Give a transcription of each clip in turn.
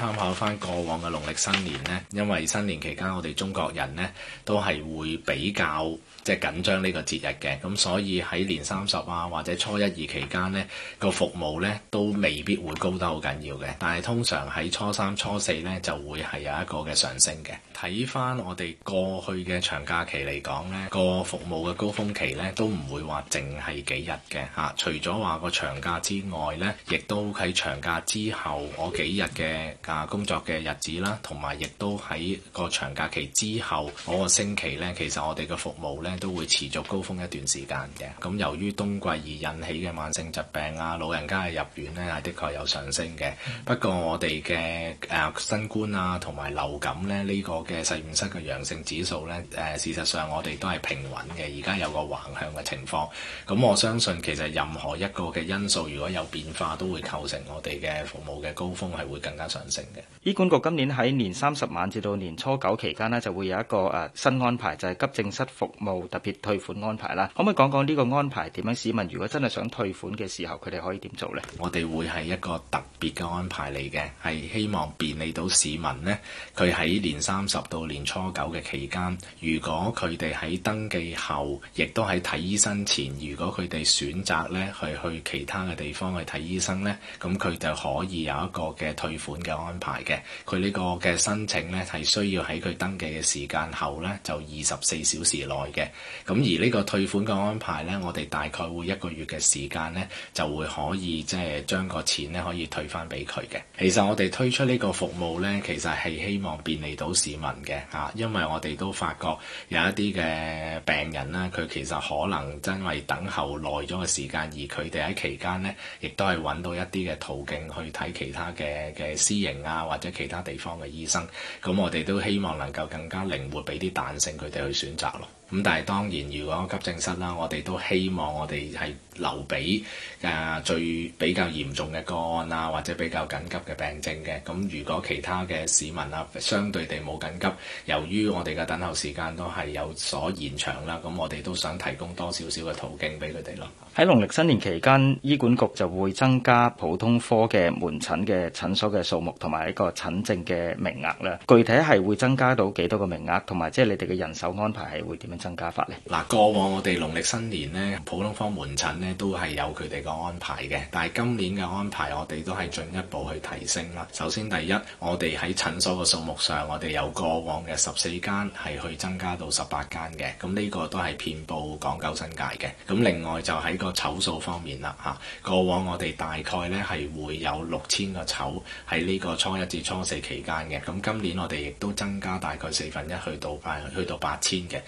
參考翻過往嘅農曆新年呢，因為新年期間我哋中國人呢都係會比較即係緊張呢個節日嘅，咁所以喺年三十啊或者初一二期間呢，個服務呢都未必會高得好緊要嘅，但係通常喺初三、初四呢就會係有一個嘅上升嘅。睇翻我哋過去嘅長假期嚟講呢，個服務嘅高峰期呢都唔會話淨係幾日嘅嚇，除咗話個長假之外呢，亦都喺長假之後嗰幾日嘅。啊，工作嘅日子啦，同埋亦都喺個長假期之後嗰個星期咧，其實我哋嘅服務咧都會持續高峰一段時間嘅。咁由於冬季而引起嘅慢性疾病啊，老人家嘅入院咧係的確有上升嘅。不過我哋嘅，誒新冠啊，同埋流感咧，呢呢個嘅實驗室嘅陽性指數咧，誒事實上我哋都係平穩嘅，而家有個橫向嘅情況，咁我相信其實任何一個嘅因素如果有變化，都會構成我哋嘅服務嘅高峰係會更加上升。醫管局今年喺年三十晚至到年初九期間呢，就會有一個誒新安排，就係、是、急症室服務特別退款安排啦。可唔可以講講呢個安排點樣？市民如果真係想退款嘅時候，佢哋可以點做呢？我哋會係一個。 別嘅安排嚟嘅，係希望便利到市民呢，佢喺年三十到年初九嘅期間，如果佢哋喺登記後，亦都喺睇醫生前，如果佢哋選擇呢去去其他嘅地方去睇醫生呢，咁佢就可以有一個嘅退款嘅安排嘅。佢呢個嘅申請呢，係需要喺佢登記嘅時間後呢，就二十四小時內嘅。咁而呢個退款嘅安排呢，我哋大概會一個月嘅時間呢，就會可以即係將個錢呢可以退翻俾佢嘅，其實我哋推出呢個服務咧，其實係希望便利到市民嘅啊，因為我哋都發覺有一啲嘅病人咧，佢其實可能真係等候耐咗嘅時間，而佢哋喺期間咧，亦都係揾到一啲嘅途徑去睇其他嘅嘅私營啊，或者其他地方嘅醫生。咁我哋都希望能夠更加靈活，俾啲彈性佢哋去選擇咯。咁但係當然，如果急症室啦，我哋都希望我哋係留俾誒最比較嚴重嘅個案啊，或者比較緊急嘅病症嘅。咁如果其他嘅市民啊，相對地冇緊急，由於我哋嘅等候時間都係有所延長啦，咁我哋都想提供多少少嘅途徑俾佢哋咯。喺農曆新年期間，醫管局就會增加普通科嘅門診嘅診所嘅數目同埋一個診症嘅名額啦。具體係會增加到幾多個名額，同埋即係你哋嘅人手安排係會點樣？增加法咧，嗱，過往我哋農曆農曆新年咧，普通科門診咧都係有佢哋個安排嘅，但係今年嘅安排我哋都係進一步去提升啦。首先第一，我哋喺診所嘅數目上，我哋有過往嘅十四間係去增加到十八間嘅，咁呢個都係遍佈港九新界嘅。咁另外就喺個籌數方面啦嚇，過往我哋大概咧係會有六千個籌喺呢個初一至初四期間嘅，咁今年我哋亦都增加大概四分一去到八去到八千嘅，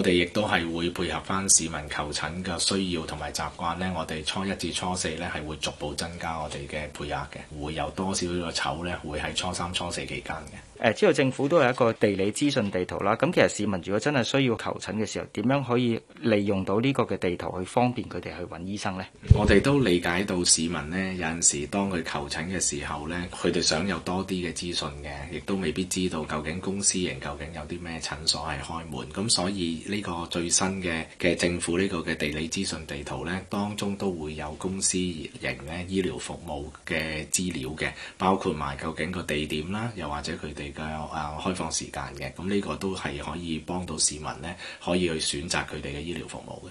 我哋亦都係會配合翻市民求診嘅需要同埋習慣咧，我哋初一至初四咧係會逐步增加我哋嘅配額嘅，會有多少少嘅籌咧，會喺初三、初四期間嘅。誒，知道政府都有一個地理資訊地圖啦。咁其實市民如果真係需要求診嘅時候，點樣可以利用到呢個嘅地圖去方便佢哋去揾醫生呢？我哋都理解到市民呢有陣時當佢求診嘅時候呢，佢哋想有多啲嘅資訊嘅，亦都未必知道究竟公私營究竟有啲咩診所係開門。咁所以呢個最新嘅嘅政府呢個嘅地理資訊地圖呢，當中都會有公私營呢、醫療服務嘅資料嘅，包括埋究竟個地點啦，又或者佢哋，嘅誒開放時間嘅，咁呢個都係可以幫到市民咧，可以去選擇佢哋嘅醫療服務嘅。